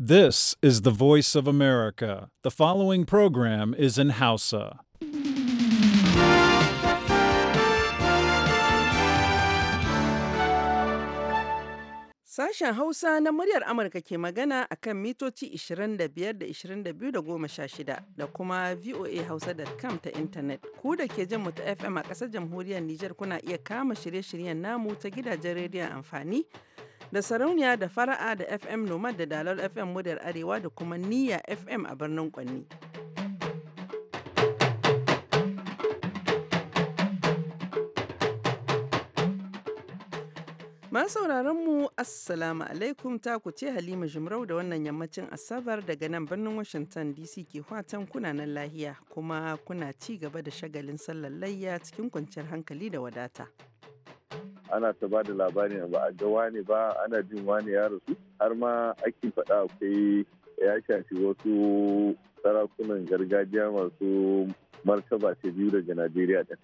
This is the voice of America. The following program is in Hausa. Sashen Hausa na muryar Amurka ke magana a kan mitoci 25 da 22 da 16 da kuma VOA voahausa.com ta intanet. Ku da ke jin ta FM a ƙasar jamhuriyar Nijar kuna iya kama shirye-shiryen namu ta gidajen rediyon amfani. da sarauniya da fara'a da fm nomad da dalar fm mudar arewa da kuma niyya fm a birnin kwanni sauraron mu assalamu alaikum ta ku ce halima jimrau da wannan yammacin asabar daga nan birnin washington dc ke watan kuna nan lahiya kuma kuna ci gaba da shagalin sallar layya cikin kwanciyar hankali da wadata ana ta ba da labarin ba a ga wani ba ana jin wani ya rasu har ma ake faɗa akwai ya shafi wasu sarakunan gargajiya masu martaba ta biyu daga najeriya ɗin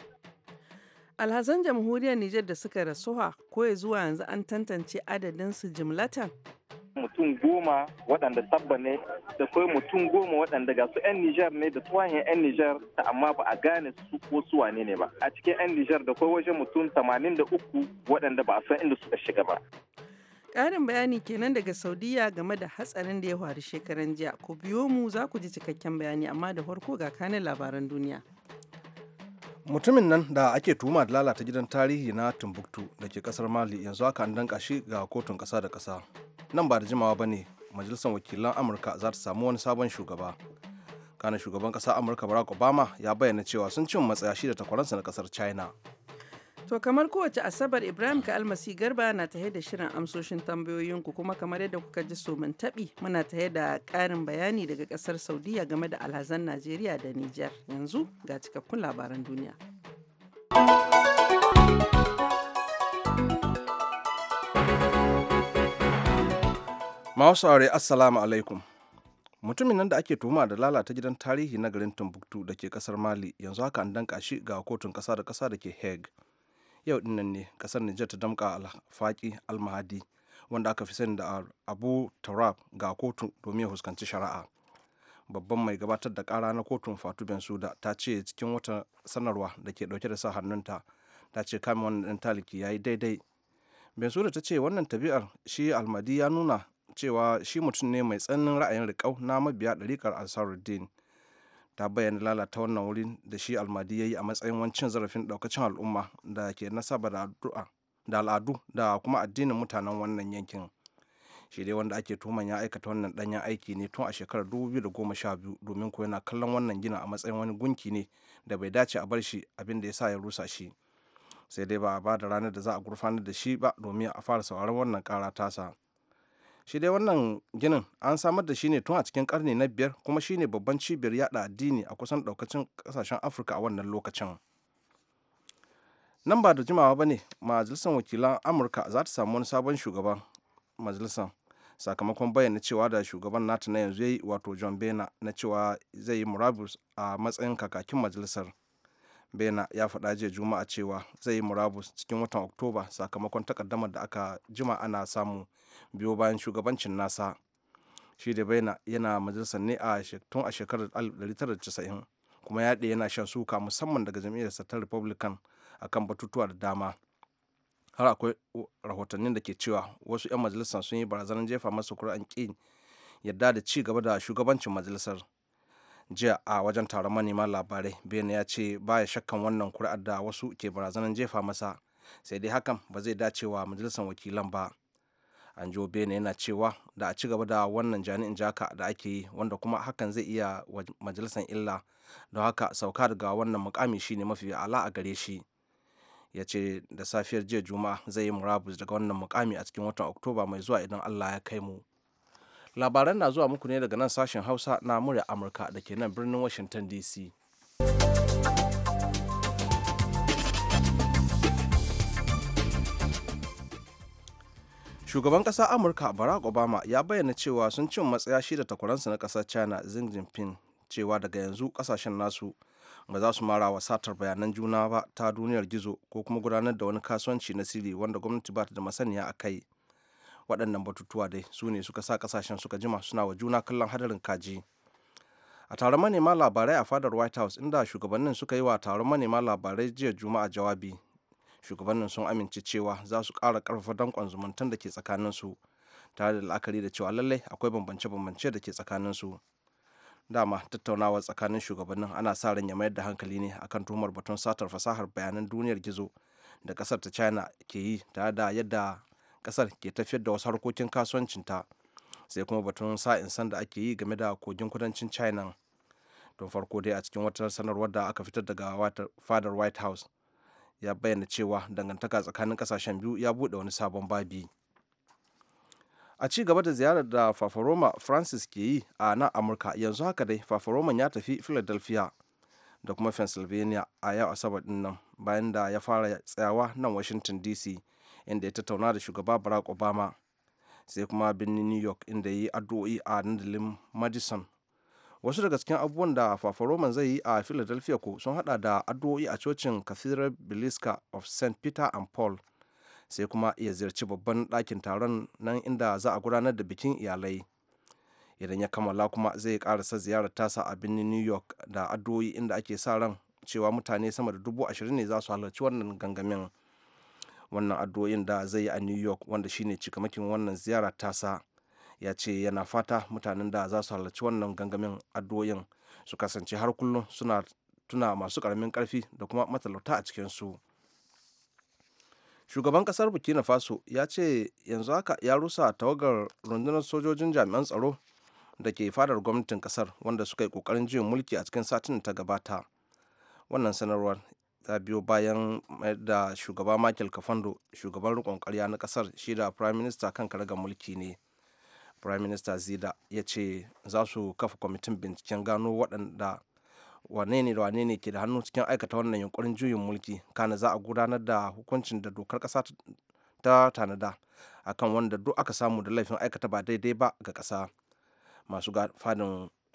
Alhazan jamhuriyar Nijar da suka rasuwa ko zuwa yanzu an tantance adadin su jimlatan? Mutum goma waɗanda sabba ne da kai mutum goma waɗanda ga su 'yan Nijar ne da tuwayen 'yan Nijar amma ba a gane su ko su wane ne ba. A cikin 'yan Nijar da kai wajen mutum uku waɗanda ba a san inda suka shiga ba. Ƙarin bayani kenan daga Saudiya game da hatsarin da ya faru shekaran jiya. Ku biyo mu za ku ji cikakken bayani amma da farko ga kanin labaran duniya. mutumin nan da ake tuma da lalata gidan tarihi na timbuktu da ke kasar mali yanzu aka an danka shi ga kotun kasa da kasa nan ba da jimawa ba ne majalisar wakilan amurka za ta samu wani sabon shugaba kana shugaban kasa amurka barack obama ya bayyana cewa sun cin matsaya shi da takwaransa na kasar china To kamar kowace Asabar Ibrahim ka almasi garba na tahe da shirin amsoshin tambayoyinku kuma kamar yadda kuka ji min taɓi muna tahe da ƙarin bayani daga ƙasar Saudiya game da alhazan Najeriya da Nijar. Yanzu ga cikakkun labaran duniya. Masu aure Assalamu alaikum. Mutumin nan da ake tuhuma da lalata gidan tarihi na garin Timbuktu da ke kasar Mali yanzu haka an danka shi ga kotun ƙasa da ƙasa da ke Hague. yau dinnan ne kasar Nijar ta damka alfaki almahadi wanda aka fi sani da abu taurab ga kotu domin ya fuskanci shari'a babban mai gabatar da kara na kotun fatu bensuda ta ce cikin wata sanarwa da ke dauke da sa hannunta ta ce kame wannan dan taliki ya yi daidai bensuda ta ce wannan tabi'ar shi almadi ya nuna cewa shi mutum ne mai tsanin ra'ayin riƙau na mabiya ɗarikar ansaruddin ta bayyana lalata wannan wurin da shi almadi ya yi a matsayin wancin zarafin daukacin al'umma da ke nasaba da addu'a da al'adu da kuma addinin mutanen wannan yankin shi dai wanda ake tuhuman ya aikata wannan danyen aiki ne tun a shekarar da goma sha biyu domin ko yana kallon wannan gina a matsayin wani gunki ne da bai dace a bar shi abin da ya sa ya rusa shi sai dai ba a ba da ranar da za a gurfanar da shi ba domin a fara sauraron wannan kara tasa shi dai wannan ginin an samar da shi ne tun a cikin karni na biyar kuma shi ne babban cibiyar yada addini a kusan daukacin kasashen afirka a wannan lokacin nan ba da jimawa ba ne majalisar wakilan amurka za ta samu wani sabon shugaban majalisar sakamakon bayyana cewa da shugaban nata na yanzu ya yi wato john bena na cewa zai yi murabus a matsayin kakakin majalisar bena ya faɗa jiya juma'a cewa zai yi murabus cikin watan oktoba sakamakon takaddamar da aka jima ana samu biyo bayan shugabancin nasa shi da bena yana majalisar ne a tun a shekarar 1990 kuma ya yana shan suka musamman daga jam'iyyarsa ta republican akan batutuwa da dama har akwai rahotannin da ke cewa wasu 'yan majalisar sun yi barazanar jefa masa kuri'an ƙin yadda da ci gaba da shugabancin majalisar jiya a wajen taron manema labarai bene ya ce ba ya shakkan wannan kuri'ar da wasu ke barazanar jefa masa sai dai hakan ba zai dace wa majalisar wakilan ba anjo bene yana cewa da a ci gaba da wannan jani'in jaka da ake yi wanda kuma hakan zai iya majalisar illa don haka sauka daga wannan mukami shine mafi ala a gare shi ya ce da safiyar jiya juma'a zai yi murabus daga wannan mukami a cikin watan oktoba mai zuwa idan allah ya kai mu labaran na zuwa muku ne daga nan sashen hausa na murya amurka da ke nan birnin washington dc shugaban ƙasar amurka barack obama ya bayyana cewa sun cin matsaya shi da takwaransa na ƙasar china xi jinping cewa daga yanzu kasashen nasu ba za su mara wa satar bayanan juna ba ta duniyar gizo ko kuma gudanar da wani kasuwanci na sirri wanda gwamnati ba ta da masaniya a kai waɗannan batutuwa dai su ne suka sa kasashen suka jima suna wa juna kallon hadarin kaji a taron manema labarai a fadar white house inda shugabannin suka yi wa taron manema labarai jiya juma'a jawabi shugabannin sun amince cewa za su ƙara ƙarfafa danƙon zumuntan da ke tsakaninsu tare da la'akari da cewa lallai akwai bambance-bambance da ke tsakaninsu dama tattaunawa tsakanin shugabannin ana sa ran ya mayar da hankali ne akan tuhumar batun satar fasahar bayanan duniyar gizo da kasar ta china ke yi tare da yadda kasar ke tafiyar da wasu harkokin kasuwancinta sai kuma batun sa'in san da ake yi game da kogin kudancin china don farko dai a cikin wata sanarwar da aka fitar daga fadar white house ya bayyana cewa dangantaka tsakanin kasashen biyu ya bude wani sabon babi a ci gaba da ziyarar da fafaroma francis ke yi a nan amurka yanzu haka dai fafaroman ya tafi philadelphia da kuma pennsylvania a yau asabar din nan bayan da ya fara tsayawa nan washington dc inda ya tattauna da shugaba barack obama sai kuma birnin new york inda ya yi addu'o'i a dandalin madison wasu daga cikin abubuwan da fafaroman zai yi a philadelphia ko sun hada da addu'o'i a cocin cathedral Belisca of st peter and paul sai kuma iya ziyarci babban ɗakin taron nan inda za a gudanar da bikin iyalai idan ya kammala kuma zai karasa ziyarar tasa a birnin new york da addu'o'i inda ake sa ran cewa mutane sama da dubu ashirin ne za su halarci wannan gangamin wannan addu'o'in da zai yi a new york wanda shine cikamakin wannan ziyara tasa ya ce yana fata mutanen da za su halarci wannan gangamin addu'o'in su kasance har kullum suna tuna masu karamin karfi da kuma matalauta a cikinsu shugaban kasar burkina faso ya ce yanzu haka ya rusa tawagar rundunar sojojin jami'an tsaro da ke fadar gwamnatin kasar wanda suka yi kokarin juyin mulki a cikin satin ta gabata wannan sanarwar ta biyo bayan da shugaba michael kafando shugaban rikon karya na kasar shi da prime minister kan karagar mulki ne prime minister zida ya ce za su kafa kwamitin binciken gano waɗanda wane ne da wane ne ke da hannu cikin aikata wannan yunkurin juyin mulki kana za a gudanar da hukuncin da dokar ƙasa ta tanada akan wanda duk aka samu da laifin aikata ba daidai ba ga kasa masu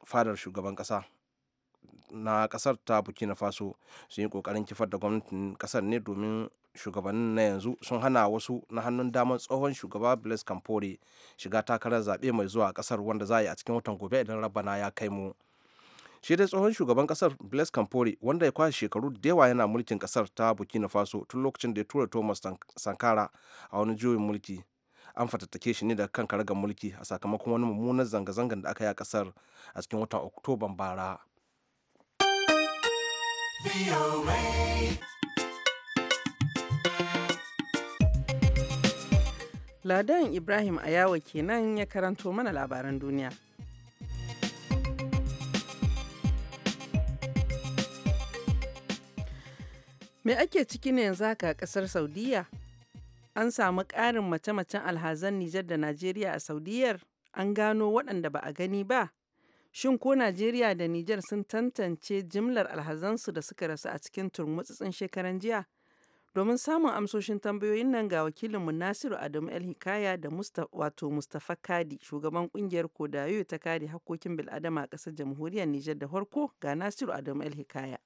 fadar shugaban ƙasa na kasar ta burkina faso sun yi kokarin kifar da gwamnatin kasar ne domin shugabannin na yanzu sun hana wasu na hannun damar tsohon shugaba blaise campore shiga takarar zaɓe mai zuwa kasar wanda za a yi a cikin watan gobe idan rabana ya kai mu shi dai tsohon shugaban kasar blaise campore wanda ya kwashe shekaru da yawa yana mulkin kasar ta burkina faso tun lokacin da ya tura thomas sankara a wani juyin mulki an fatattake shi ne da kan karagar mulki a sakamakon wani mummunan zanga-zangar da aka yi a kasar a cikin watan oktoban bara Ladan Ibrahim Ayawa kenan ya karanto mana labaran duniya. Me ake ciki ne yanzu haka a ƙasar Saudiya? An samu ƙarin mace-macen alhazan Nijar da Najeriya a Saudiyar? An gano waɗanda ba a gani ba? Shin ko Najeriya da Nijar sun tantance jimlar alhazansu da suka rasu a cikin turmutsutsun shekaran jiya? Domin samun amsoshin tambayoyin nan ga wakilinmu Nasiru Adamu El Hikaya da wato Mustafa Kadi, shugaban kungiyar Kodayo ta kare hakokin bil'adama a ƙasar jamhuriyar Nijar da farko ga Nasiru Adamu El Hikaya.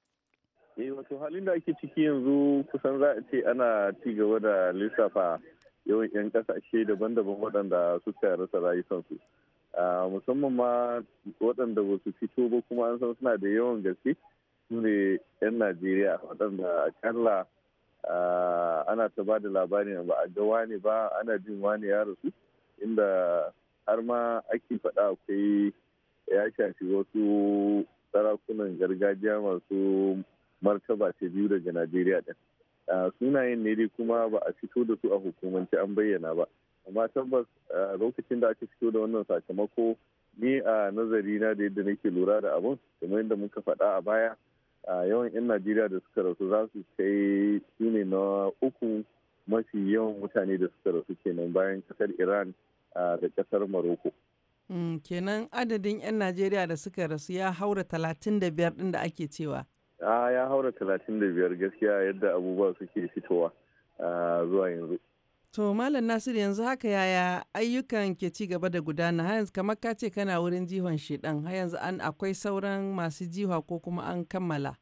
Eh wato halin da ake ciki yanzu kusan za a ce ana ci gaba da lissafa yawan 'yan ƙasashe daban-daban waɗanda suka rasa rayukansu. musamman ma waɗanda ba su fito ba kuma an san suna da yawan gaske su ne 'yan najeriya waɗanda akalla ana ta ba da labarin ba a ga wani ba ana jin wani ya rasu inda har ma ake faɗa akwai ya shafi wasu sarakunan gargajiya masu martaba ce biyu daga najeriya ɗin sunayen ne dai kuma ba a fito da su a hukumance an bayyana ba amma tabbas lokacin da aka fito da wannan sakamako ni a nazari na da yadda nake lura da abun kamar yadda muka faɗa a baya yawan 'yan najeriya da suka rasu za su kai su ne na uku mafi yawan mutane da suka rasu kenan bayan kasar iran da kasar maroko mm, kenan adadin 'yan najeriya da suka rasu ya haura 35 din da ake cewa ya haura 35 gaskiya yadda abubuwa suke fitowa zuwa yanzu To Malam Nasiru yanzu haka yaya ayyukan ke ci gaba da gudana har yanzu kamar ka ce kana wurin jihon shedan har yanzu an akwai sauran masu jiha ko kuma an kammala.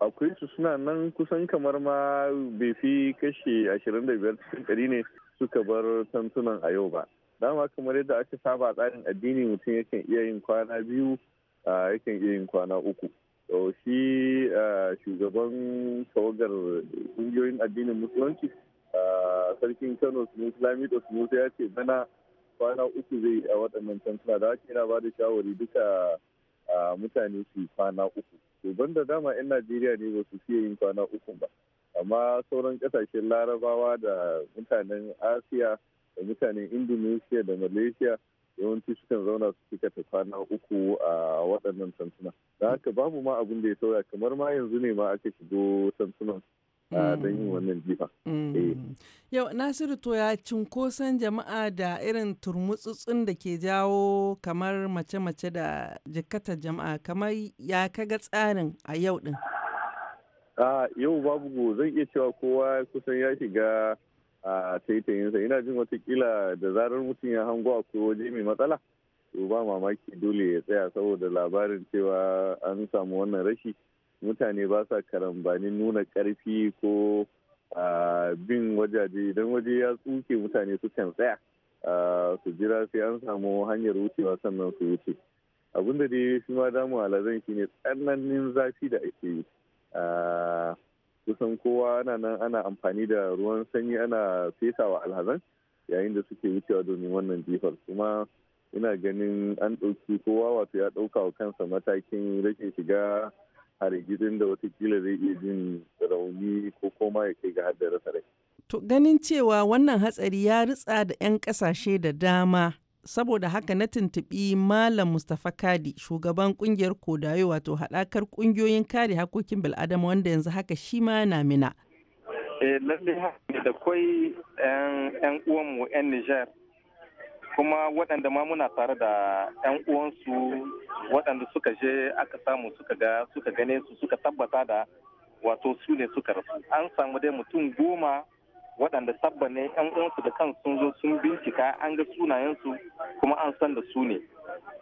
Akwai su suna nan kusan kamar ma bai fi kashe 25 cikin ɗari ne suka bar tantunan a yau ba. Dama kamar yadda aka saba tsarin addini mutum yakan iya yin kwana biyu yakan iya yin kwana uku. shi shugaban tawagar ƙungiyoyin addinin musulunci sarkin kano sunusi lamido sunusi ya ce bana kwana uku zai a waɗannan tantuna da haka yana ba da shawari duka mutane su kwana uku to banda dama 'yan najeriya ne ba su fiye yin kwana uku ba amma sauran ƙasashen larabawa da mutanen asiya da mutanen indonesia da malaysia yawanci sukan zauna su cika ta kwana uku a waɗannan tantuna da haka babu ma abin da ya sauya kamar ma yanzu ne ma aka shigo tantunan Mm. don yin wannan jifa. Mm. Eh. Yau Nasiru to ya cunkoson jama'a da irin turmutsutsun da ke jawo kamar mace-mace da jikatar jama'a kamar ya kaga tsarin a yau din. Yau babu zan iya cewa kowa kusan ya shiga a taitayinsa ina jin watakila da zarar mutum ya hango akwai waje mai matsala to ba mamaki dole ya tsaya saboda labarin cewa an samu wannan rashi. mutane ba sa karambanin nuna karfi ko bin wajaje idan waje ya tsuke mutane su kan tsaya su jira sai an samu hanyar wucewa sannan su wuce abin da dai shi ma damu alazan ne tsananin zafi da ake yi kusan kowa ana nan ana amfani da ruwan sanyi ana fesawa alhazan yayin da suke wucewa domin wannan jifar kuma ina ganin an ɗauki kowa wato ya ɗauka wa kansa matakin rage shiga a rigidin da watakila zai iya jin rauni ko koma ya kai ga haddara rai. To ganin cewa wannan hatsari ya ritsa da 'yan kasashe da dama saboda haka na tuntuɓi Malam Mustapha Kadi shugaban kungiyar Kodayo wato haɗakar ƙungiyoyin kare hakokin bil'adama wanda yanzu haka shi ma na mina. Eh, lallai da kwai 'yan uwanmu 'yan Nijar kuma waɗanda ma muna tare da 'yan uwansu waɗanda suka je aka samu suka ga suka gane su suka tabbata da wato su ne suka rasu an samu dai mutum goma waɗanda sabba ne 'yan uwansu da kan sun zo sun bincika an ga sunayensu kuma an san da su ne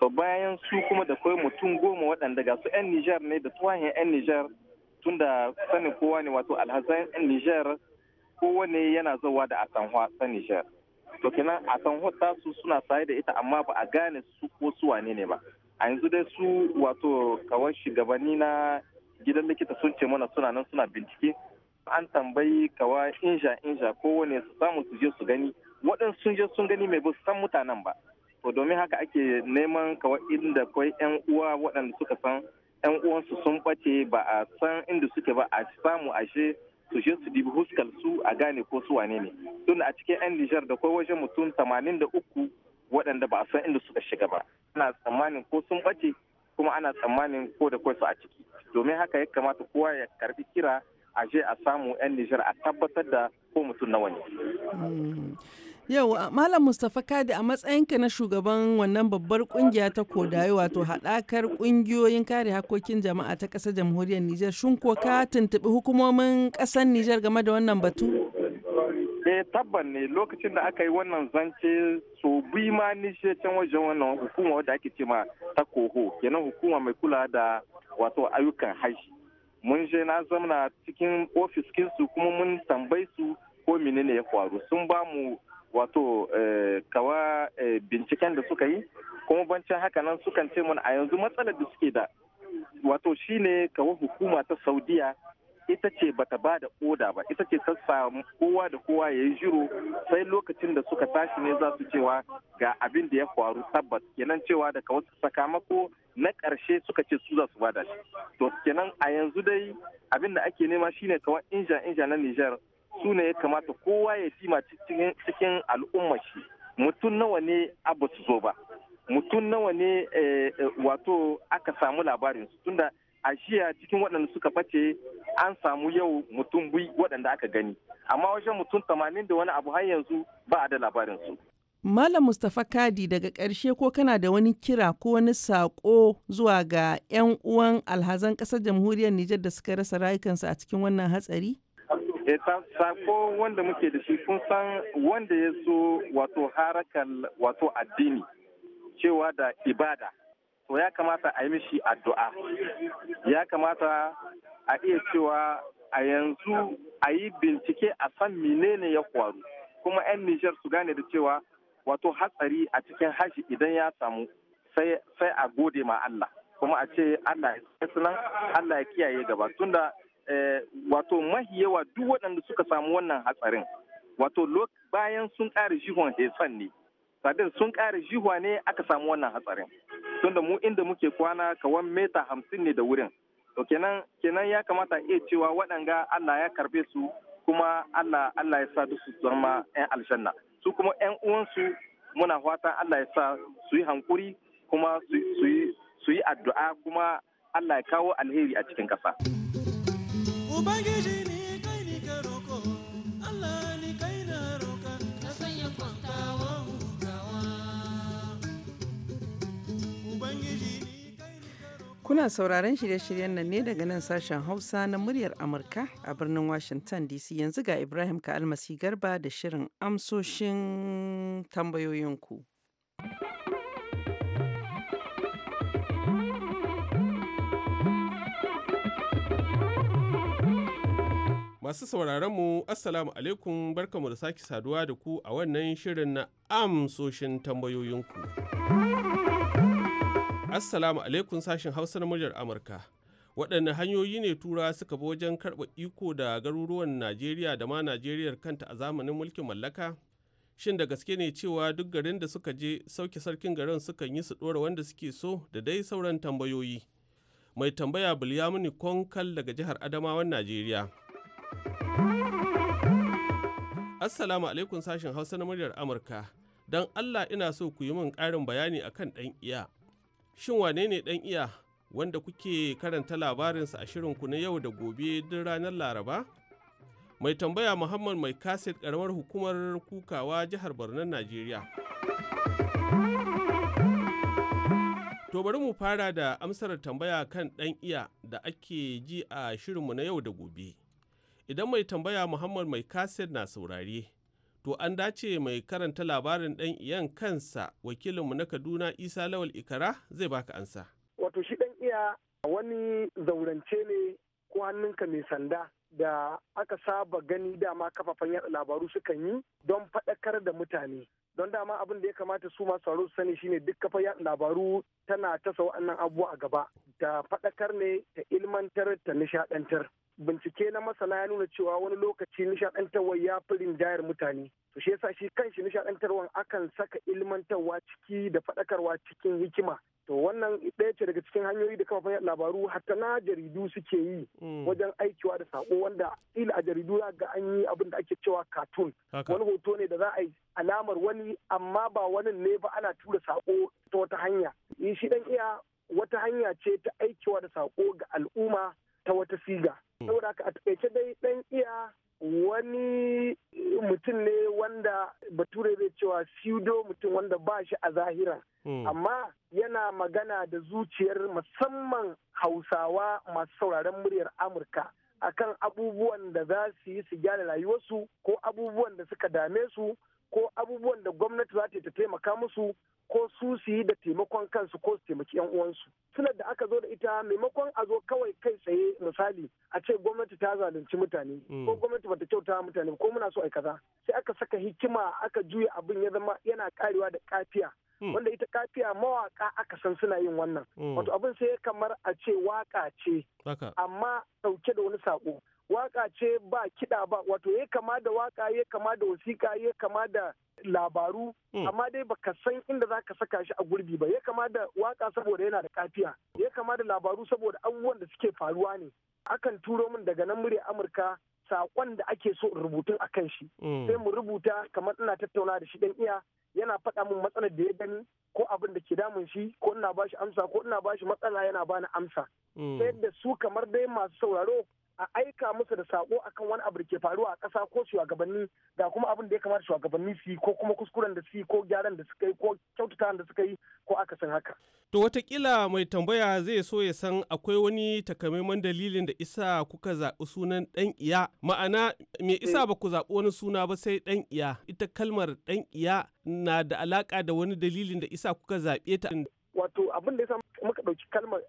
to bayan su kuma da kawai mutum goma waɗanda ga su 'yan nijar ne da tuwahin 'yan nijar tun da sanin kowa ne wato alhazan 'yan nijar kowane yana zowa da asanhwa ta nijar to kenan a kan hota su suna saye da ita amma ba a gane su ko su wane ne ba a yanzu dai su wato kawai shugabanni na gidan likita sun ce mana suna nan suna bincike an tambayi kawa inja inja kowane su samu su je su gani waɗansu sun je sun gani mai bu san mutanen ba to domin haka ake neman kawa inda kai yan uwa waɗanda suka san yan uwansu sun bace ba a san inda suke ba a samu ashe su je su dibi huskar su a gane ko su wane ne tun a cikin 'yan nijar da kwai wajen mutum tamanin da uku waɗanda ba a san inda suka shiga ba ana tsammanin ko sun ɓace kuma ana tsammanin ko da kwai su a ciki domin haka ya kamata kowa ya karbi kira a je a samu 'yan nijar a tabbatar da ko mutum nawa ne. Mm. Yau, Malam Mustapha Kadi a matsayinka na shugaban wannan babbar kungiya ta kodayo wato haɗakar kungiyoyin kare hakokin jama'a ta kasar jamhuriyar Nijar. shun ko ka tuntuɓi hukumomin kasar Nijar game da wannan batu? Eh tabban ne lokacin da aka yi wannan zance so bi ma ni can wajen wannan hukuma wadda ake ce ma ta koho kenan hukuma mai kula da wato ayyukan haji. Mun je na zamana cikin ofis kinsu kuma mun tambayi su ko menene ya faru sun ba mu wato eh, kawa eh, binciken da suka yi kuma bancin haka nan sukan ce mun a yanzu matsalar da suke da wato shine kawa hukuma ta saudiya ita ce bata ba da oda ba ita ce ta samu kowa da kowa ya yi jiro sai lokacin da suka tashi ne za su cewa ga abin da ya faru tabbas kenan cewa da daga su sakamako na ƙarshe suka ce su za su bada shi to kenan a yanzu dai abin da ake nema shine kawa inja inja na Niger su ne ya kamata kowa ya ji cikin al'umma shi mutum nawa ne abu su zo ba mutum nawa ne eh, eh, wato aka samu labarin su tunda a jiya cikin waɗanda suka face an samu yau mutum bi waɗanda aka gani amma wajen mutum tamanin da wani abu har yanzu ba a da labarin su Malam Mustapha Kadi daga ƙarshe ko kana da wani kira ko wani saƙo zuwa ga 'yan uwan alhazan ƙasar jamhuriyar Nijar da suka rasa rayukansu a cikin wannan hatsari? Eh, sako wanda muke da shi kun san wanda ya so wato harakar wato addini cewa da ibada to ya kamata a yi mishi addu'a ya kamata a iya cewa a yanzu a yi bincike a san menene ya faru kuma 'yan nijar su gane da cewa wato hatsari a cikin hashi idan ya samu sai a gode ma Allah kuma a ce Allah ya Allah ya kiyaye gaba tunda Eh, wato mahi yawa duk waɗanda suka samu wannan hatsarin wato bayan sun ƙara jihon hesan ne sadin sun ƙara jihuwa ne aka samu wannan hatsarin tunda mu inda muke kwana kawan meta hamsin ne da wurin to kenan ya kamata iya cewa waɗanga Allah ya karbe su kuma Allah Allah ya sa duk su zama 'yan aljanna su kuma 'yan uwansu muna fatan Allah ya sa su yi hankuri kuma su yi addu'a kuma Allah ya kawo alheri a cikin ƙasa. ubangiji ni Kuna sauraron shirye-shiryen nan ne daga nan sashen Hausa na muryar Amurka a birnin Washington DC yanzu ga Ibrahim ka almasi Garba da shirin amsoshin tambayoyinku. ku. Masu sauraron mu Assalamu alaikum barkamu da sake saduwa da ku a wannan shirin na amsoshin tambayoyinku. Assalamu alaikum sashin Hausa na muryar Amurka. Waɗanne hanyoyi ne tura suka bi wajen karɓa iko da garuruwan Najeriya da ma Najeriyar kanta a zamanin mulkin mallaka? Shin da gaske ne cewa duk garin da suka je sauke sarkin garin sukan yi su ɗora wanda suke so da dai sauran tambayoyi. Mai tambaya Bilyamini Konkal daga jihar Adamawan Najeriya. Assalamu alaikum sashen Hausa na muryar Amurka. Don Allah ina so ku yi min ƙarin bayani a kan ɗan iya. Shin wane ne ɗan iya wanda kuke karanta labarinsa a shirinku na yau da gobe duk ranar Laraba? Mai tambaya Muhammad Mai Kaset ƙaramar hukumar kukawa jihar Borno Najeriya. To bari mu fara da amsar tambaya kan ɗan iya da ake ji a shirinmu na yau da gobe. idan mai tambaya muhammad mai kasir na saurare to an dace mai karanta labarin ɗan iyan kansa wakilinmu na kaduna isa lawal ikara zai baka ansa wato shi ɗan iya wani zaurance ne ko hannunka mai sanda da aka saba gani dama kafafen yada labaru sukan yi don faɗakar da mutane don dama abin da ya kamata su masu sauro su sani shine duk kafa yada labaru tana tasa waɗannan abubuwa a gaba ta faɗakar ne ta ilmantar ta nishaɗantar bincike na masana ya nuna cewa wani lokaci nishadantarwa ya fi rinjayar mutane to shi yasa shi kanshi nishadantarwa akan saka ilmantarwa ciki da faɗakarwa cikin hikima to wannan ɗaya ce daga cikin hanyoyi da kafafen labaru hatta na jaridu suke yi mm. wajen aikiwa da sako wanda ila a jaridu ya ga an yi abin da ake cewa cartoon wani hoto ne da za a yi alamar wani amma ba wani ne ba ana tura sako ta wata hanya eh, shi dan iya wata hanya ce ta aikiwa da sako ga al'umma ta wata siga saboda a takaice dai dan iya wani mutum ne wanda bature zai cewa pseudo mutum wanda ba shi a zahira hmm. amma yana magana da zuciyar musamman hausawa masu sauraron muryar amurka akan abubuwan da za su yi su gyara rayuwarsu ko abubuwan da suka dame su ko abubuwan da gwamnati za ta taimaka musu ko su su yi da taimakon kansu ko su taimaki yan uwansu sunan da aka zo da ita maimakon a zo kawai kai tsaye misali a ce gwamnati ta zalunci mutane mm. ko gwamnati bata kyauta mutane ko muna so ai kaza sai aka saka hikima aka juya abin ya zama yana karewa da kafiya mm. wanda ita kafiya mawaka aka san suna yin wannan mm. wato abin sai kamar a ce waka ce amma dauke da wani sako waka ce ba kiɗa ba wato ya kama da waka ya kama da wasika ya kama da labaru hmm. amma dai baka san inda za ka saka shi a gurbi ba ya kama da waka saboda yana da kafiya ya kama da labaru saboda abubuwan da suke faruwa ne akan turo min daga nan murya amurka saƙon da ake so rubutun a kan shi hmm. sai mu rubuta kamar ina tattauna da shi dan iya yana faɗa min matsalar da ya gani ko abin da ke damun shi ko ina ba shi amsa ko ina ba shi matsala yana bani amsa hmm. sai da su kamar dai masu sauraro a aika musu da sako akan wani abu da ke faruwa a ƙasa ko shugabanni ga kuma abin da ya kamata shugabanni su yi ko kuma kuskuren da su yi ko gyaran da suka yi ko kyautatawan da suka yi ko akasin haka. To watakila mai tambaya zai so ya san akwai wani takamaiman dalilin da isa kuka zaɓi sunan ɗan iya ma'ana me isa eh. ba ku zaɓi wani suna ba sai ɗan iya ita kalmar ɗan iya na da alaƙa da wani dalilin da isa kuka zaɓe ta. Wato abin da ya samu muka ɗauki kalmar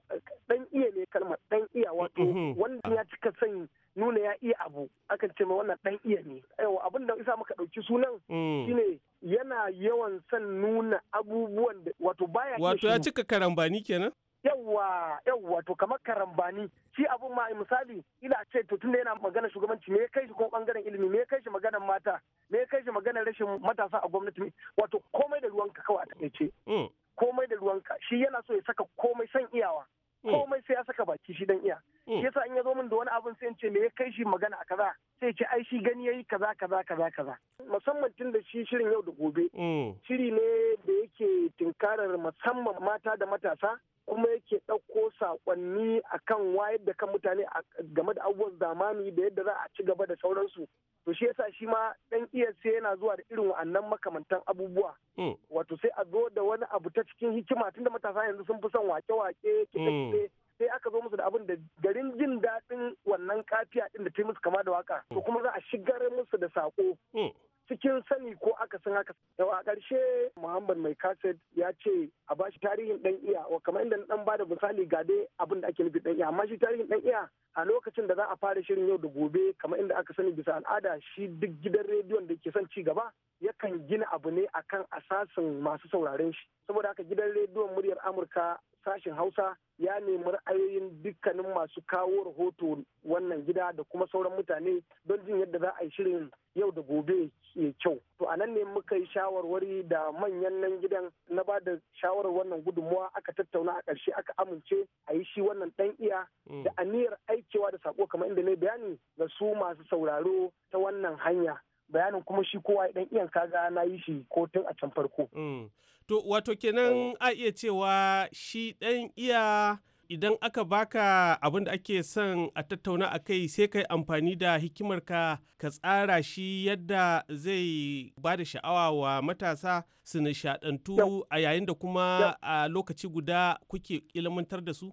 ɗan iya ne kalmar ɗan iya wato mhm. wanda ya cika sanyi nuna ya iya abu akan ce ma wannan ɗan iya ne yawa abin da isa muka ɗauki sunan mm. shine yana yawan son nuna abubuwan da wato baya wato ya cika karambani kenan yawwa yawwa to kamar karambani shi abun ma misali ina ce to tunda yana magana shugabanci me ya kai shi kuma bangaren ilimi me ya kai shi magana mata me ya kai shi magana rashin matasa a gwamnati wato komai da ruwanka kawai a takaice mm. komai da ruwanka shi yana so ya saka komai san iyawa mm. komai sai ya saka baki shi dan iya Mm. shi yasa in ya zo min da wani abin sai in ce me ya kai shi magana a kaza sai ce ai shi gani yayi kaza kaza kaza kaza musamman tun da shi shirin yau da gobe mm. shiri ne da yake tinkarar musamman mata da matasa kuma yake ɗauko saƙonni akan wayar da kan mutane game da abubuwan zamani da yadda za a ci gaba da sauransu to shi yasa shi ma ɗan iya e sai yana zuwa da irin wa'annan makamantan abubuwa mm. wato sai a zo da wani abu ta cikin hikima tun da matasa yanzu sun fi son wake-wake kiɗe-kiɗe sai aka zo musu da abin da garin jin daɗin wannan kafiya ɗin da ta musu kama da waka to kuma za a shigar musu da sako hmm. cikin sani ko aka san haka da a ƙarshe muhammad mai kaset ya ce a bashi tarihin dan iya wa kamar inda na dan bada misali ga dai abin da ake nufi dan iya amma shi tarihin dan iya a lokacin da za a fara shirin yau da gobe kamar inda aka sani bisa al'ada shi duk gidan rediyon da ke son ci gaba yakan gina abu ne akan asasin masu sauraren shi saboda haka gidan rediyon muryar amurka sashen hausa ya nemi ra'ayoyin dukkanin masu kawo rahoto wannan gida da kuma sauran mutane don jin yadda za a yi shirin yau da gobe ya kyau to a nan ne muka yi shawarwari da manyan nan gidan na ba da shawarar wannan gudunmuwa aka tattauna a ƙarshe aka amince a yi shi wannan ɗan iya mm. da aniyar aiki cewa da sako kamar inda na bayani ga su masu sauraro ta wannan hanya bayanin kuma shi kowa idan iyan kaga na yi shi ko tun a can farko. Mm. To wato kenan a iya cewa shi ɗan iya idan aka baka abin da ake son a tattauna a kai sai kai amfani da hikimarka ka tsara shi yadda zai ba da sha'awa wa matasa su nishaɗantu a yayin da kuma a lokaci guda kuke ilmantar da su?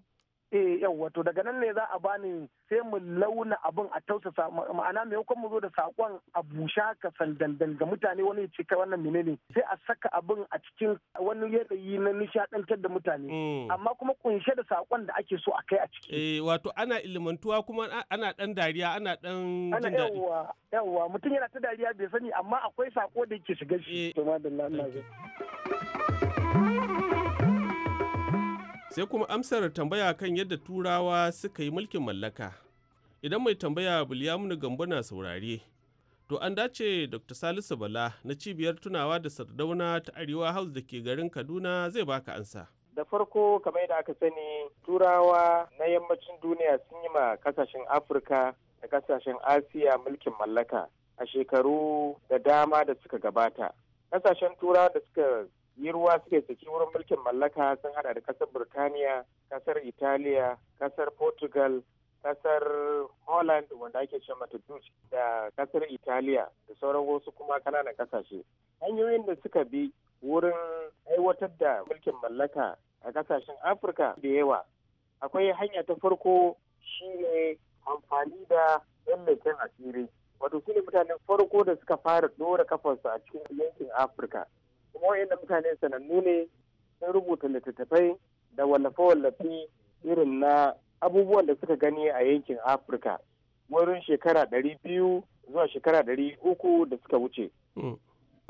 eh yawwa to daga nan ne za a bani sai mu launa abin a tausasa ma'ana mai kuma mu zo da sakon a busha ka sandandan ga mutane wani ya ce kai wannan menene sai a saka abin a cikin wani yanayi na nishadantar da mutane mm. amma kuma kunshe da sakon da ake so a kai a ciki eh wato ana ilmantuwa kuma ana dan dariya ana dan jin daɗi yawwa yawwa mutum yana ta dariya bai sani amma akwai sako da yake shiga shi eh. to madalla Allah ya sai kuma amsar tambaya kan yadda turawa suka yi mulkin mallaka idan mai tambaya bilyamunu gambo na saurare to an dace dr salisu bala na cibiyar tunawa da sardauna ta arewa house da ke garin kaduna zai baka ansa da farko kamar da aka sani turawa na yammacin duniya sun yi ma kasashen afirka da kasashen asiya mulkin mallaka a shekaru da dama da suka gabata kasashen turawa da suka yi ruwa suke saki wurin mulkin mallaka sun hada da kasar Birtaniya, kasar Italiya, kasar Portugal, kasar Holland wanda ake ce mata da kasar Italiya da sauran wasu kuma kananan kasashe. Hanyoyin da suka bi wurin aiwatar da mulkin mallaka a kasashen Afirka da yawa. Akwai hanya ta farko shi ne amfani da yan asiri. Wato su ne mutanen farko da suka fara dora kafarsu a cikin yankin Afirka. kuma inda mutane sanannu ne sun rubuta littattafai da wallafe wallafi irin na abubuwan da suka gani a yankin afirka wurin shekara ɗari biyu zuwa shekara ɗari uku da suka wuce mm.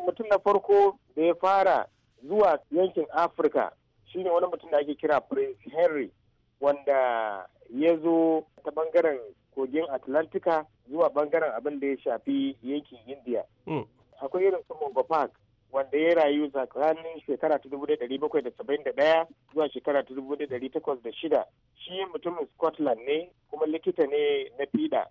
mutum na farko da ya fara zuwa yankin afirka shine wani mutum da ake kira prince henry wanda ya zo ta bangaren kogin atlantika zuwa bangaren abin da ya shafi yankin india mm. akwai irin su mongo park wanda ya rayu tsakanin shekara ta dubu ɗari bakwai da saba'in da ɗaya zuwa shekara ta dubu ɗari takwas da shida shi mutumin scotland ne kuma likita ne na fida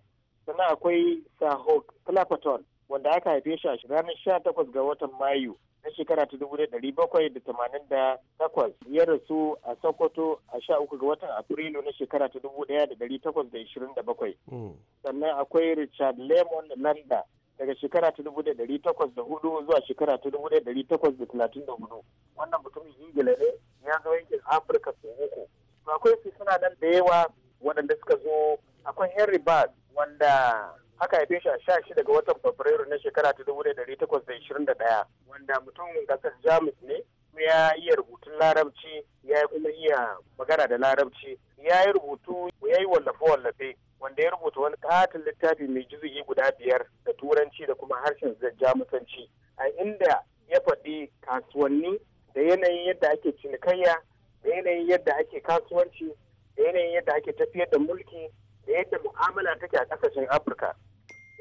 sannan akwai saho clapperton wanda aka haife shi a ranar sha takwas ga watan mayu na shekara ta dubu ɗari bakwai da tamanin da takwas ya rasu a sokoto a sha uku ga watan afrilu na shekara ta dubu ɗaya da ɗari takwas da ishirin da bakwai hmm. sannan akwai richard lemon landa daga shekara ta dubu ɗari takwas da hudu zuwa shekara ta dubu ɗari takwas da talatin da hudu wannan mutumin ingila ne ya zo yankin afirka su uku to akwai su suna nan da yawa waɗanda suka zo akwai henry bad wanda haka haife shi a sha shida ga watan fabrairu na shekara ta dubu ɗari takwas da ishirin da ɗaya wanda mutumin ƙasar jamus ne ya iya rubutun larabci ya kuma iya magana da larabci ya yi rubutu ya yi wallafe-wallafe wanda ya rubuta wani katin littafi mai juzuyi guda biyar da turanci da kuma harshen jamusanci a inda ya faɗi kasuwanni da yanayin yadda ake cinikayya da yanayin yadda ake kasuwanci da yanayin yadda ake tafiyar da mulki da yadda mu'amala take a ƙasashen afirka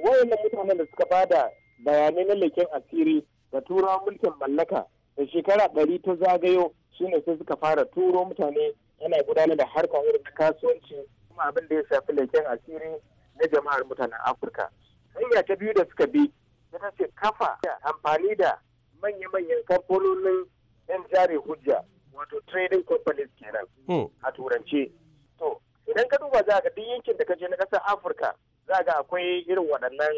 wayannan mutanen da suka bada bayanai na leken asiri da turawan mulkin mallaka da shekara ɗari ta zagayo shine sai suka fara turo mutane yana gudanar da harkar irin kasuwanci kuma abin da ya shafi leken asiri na jama'ar mutanen afirka hanya ta biyu da suka bi ta ce kafa amfani da manya-manyan kamfanonin yan jari hujja wato trading companies kenan hmm. a turance to idan ka duba za ka duk yankin da ka je na ƙasar afirka za ga akwai irin waɗannan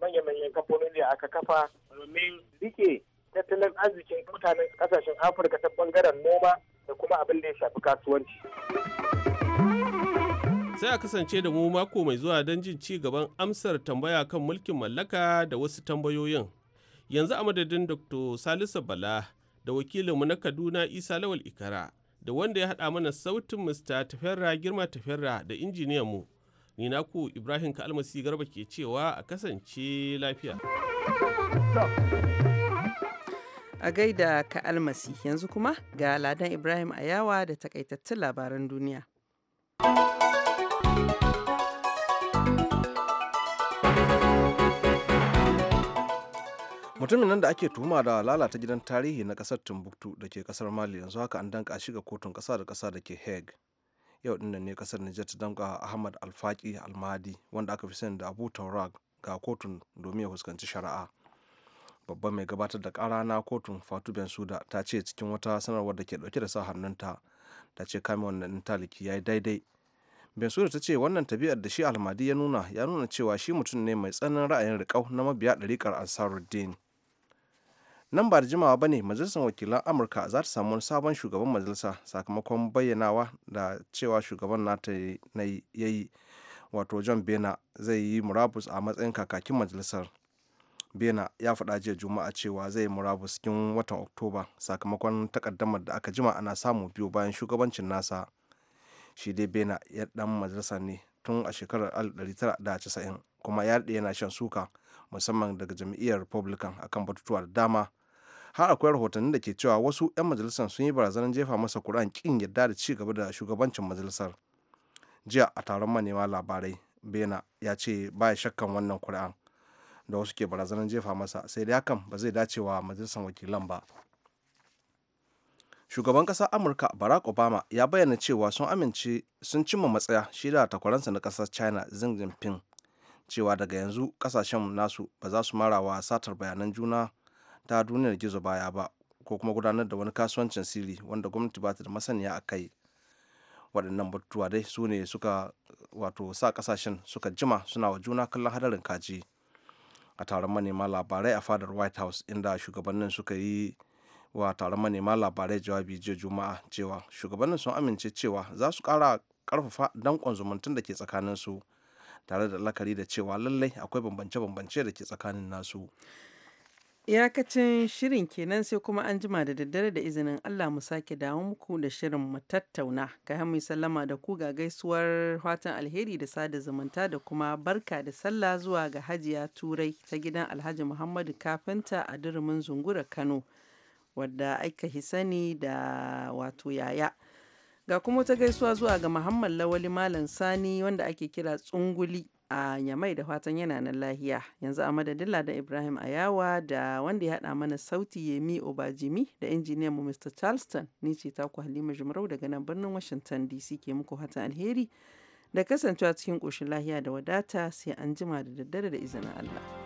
manya-manyan kamfanoni da aka kafa domin rike tattalin arzikin mutanen ƙasashen afirka ta ɓangaren noma da kuma abin da ya shafi kasuwanci. sai a kasance da mu mako mai zuwa don jin ci gaban amsar tambaya kan mulkin mallaka da wasu tambayoyin yanzu a madadin dr salisu bala da wakilinmu na kaduna isa lawal ikara da wanda ya haɗa mana sautin mr tafera girma tafera da injiniyan mu ni naku ibrahim kalmasi garba ke cewa a kasance lafiya a gaida ka almasi yanzu kuma ga ladan ibrahim ayawa da takaitattun labaran duniya. mutumin nan da ake tuma da lalata gidan tarihi na kasar timbuktu da ke kasar mali yanzu haka an danka shi ga kotun kasa da kasa da ke hague yau dinnan ne kasar niger ta danka ahmad alfaki almadi wanda aka fi sani da abu taurag ga kotun domin ya fuskanci shari'a babban mai gabatar da kara na kotun fatu bensuda ta ce cikin wata sanarwar da ke dauke da sa hannunta ta ce wannan ɗin taliki ya yi daidai bensuda ta ce wannan tabiyar da shi almadi ya nuna ya nuna cewa shi mutum ne mai tsananin ra'ayin rikau na mabiya ɗariƙar ansaruddin nan ba da jimawa ba ne majalisar wakilan amurka za ta samu sabon shugaban majalisa sakamakon bayyanawa da cewa shugaban nata ya yi wato john bena zai yi murabus a matsayin kakakin majalisar bena ya faɗa jiya juma'a cewa zai yi murabus cikin watan oktoba sakamakon takaddamar da aka jima ana samu biyu bayan shugabancin nasa shi dai bena ya dan majalisa ne tun a shekarar 1990 kuma ya yana shan suka musamman daga jam'iyyar republican akan batutuwa da dama har akwai rahotannin da ke cewa wasu 'yan majalisar sun yi barazanar jefa masa kuran kin yadda da ci gaba da shugabancin majalisar jiya a taron manema labarai bena ya ce baya shakkan wannan kuri'an da wasu ke barazanar jefa masa sai da hakan ba zai dace wa majalisar wakilan ba shugaban ƙasar amurka barack obama ya bayyana cewa sun amince sun cimma matsaya shi da takwaransa na ƙasar china xi jinping cewa daga yanzu kasashen nasu ba za su mara wa satar bayanan juna ta duniyar gizo baya ba ko kuma gudanar da wani kasuwancin sirri wanda gwamnati ba ta da masaniya a kai waɗannan batutuwa dai su ne suka wato sa kasashen suka jima suna wa juna kallon hadarin kaji a taron manema labarai a fadar white house inda shugabannin suka yi wa taron manema labarai jawabi jiya juma'a cewa shugabannin sun amince cewa za su ƙara ƙarfafa danƙon zumuntun da ke tsakanin su tare da lakari da cewa lallai akwai bambance-bambance da ke tsakanin nasu iyakacin shirin kenan sai kuma an jima da daddare da izinin allah mu sake dawo muku da shirin mu tattauna ka mai sallama da ku ga gaisuwar fatan alheri da sada zumunta da kuma barka da sallah zuwa ga hajiya turai ta gidan alhaji muhammadu kafinta a durumin zungura kano wadda aka hisani da wato yaya Ga kuma ta gaisuwa zuwa ga Muhammad Lawali Malam Sani wanda ake kira Tsunguli a Yamai da fatan yana nan lahiya. Yanzu a madadilla da Ibrahim Ayawa da wanda ya haɗa mana sauti Yemi Obajimi da injiniyan mu Mr. Charleston ni ce ta ku Halima Jumarau daga nan birnin Washington DC ke muku hatan alheri da kasancewa cikin koshin lahiya da wadata sai an jima da daddare da izinin Allah.